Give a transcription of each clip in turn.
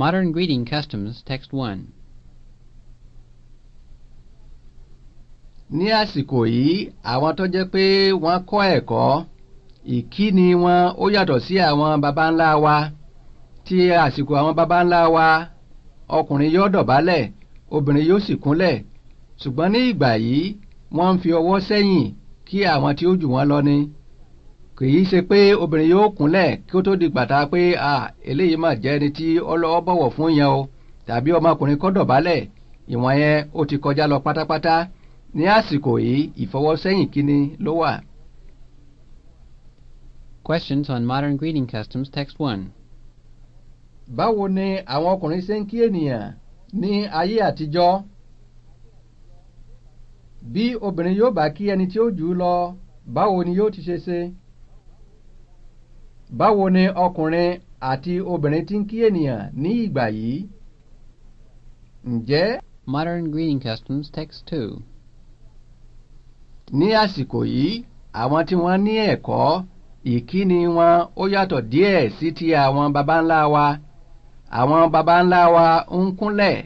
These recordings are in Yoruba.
Modern Greeting Customs, Text 1. Ní àsìkò yìí àwọn tó jẹ́ pé wọ́n kọ́ ẹ̀kọ́ ìkíni wọn ó yàtọ̀ sí àwọn baba ńlá wa tí àsìkò àwọn baba ńlá wa ọkùnrin yóò dọ̀bálẹ̀ obìnrin yóò sì kúnlẹ̀ ṣùgbọ́n ní ìgbà yìí wọ́n ń fi ọwọ́ sẹ́yìn kí àwọn tí ó jù wọ́n lọ ni kì í ṣe pé obìnrin yóò kúnlẹ̀ kí ó tó di gbàtà pé a eléyìí mà jẹ́ ẹni tí ọlọ́wọ́ bọ̀wọ̀ fún yẹn o tàbí ọmọkùnrin kọ́ dọ̀bálẹ̀ ìwọ̀n yẹn ó ti kọjá lọ pátápátá ní àsìkò yìí ìfọwọ́sẹ́yìn kíni ló wà. Questions on modern greeting customs text one. Báwo ni àwọn ọkùnrin ṣe ń kí ènìyàn ní ayé àtijọ́? Bí obìnrin yóò bá kí ẹni tí ó jù ú lọ, báwo ni yóò ti ṣe ṣe? báwo ni ọkùnrin àti obìnrin ti ń kí ènìyàn ní ìgbà yìí? ǹjẹ́. Modern greeting customs text two. ní àsìkò yìí àwọn tí wọ́n ní ẹ̀kọ́ ìkíni wọn ó yàtọ̀ díẹ̀ sí ti àwọn baba ńlá wa àwọn baba ńlá wa ń kúnlẹ̀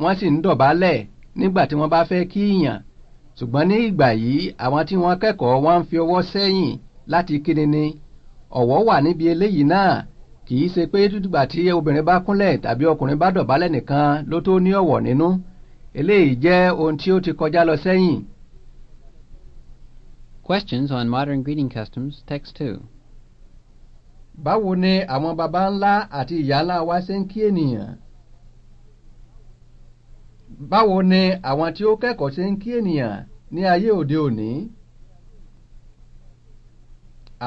wọ́n sì ń dọ̀bálẹ̀ nígbà tí wọ́n bá fẹ́ kíyàn ṣùgbọ́n ní ìgbà yìí àwọn tí wọ́n kẹ́kọ̀ọ́ wọ́n ń fi ọwọ́ sẹ́yìn láti kíni ni ọ̀wọ̀ wà níbi eléyìí náà kì í ṣe pé dídùgbà tí obìnrin bá kúnlẹ̀ tàbí ọkùnrin bá dọ̀bálẹ̀ nìkan ló tó ní ọ̀wọ̀ nínú eléyìí jẹ́ ohun tí ó ti kọjá lọ sẹ́yìn. Questions on modern greeting customs, text two. Báwo ni àwọn baba ńlá àti ìyá ńlá wa ṣe ń kí ènìyàn? Báwo ni àwọn tí ó kẹ́kọ̀ọ́ ṣe ń kí ènìyàn ní ayé òde òní?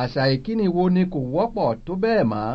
Àṣà ìkíni wo ni kò wọ́pọ̀ tó bẹ́ẹ̀ mọ́?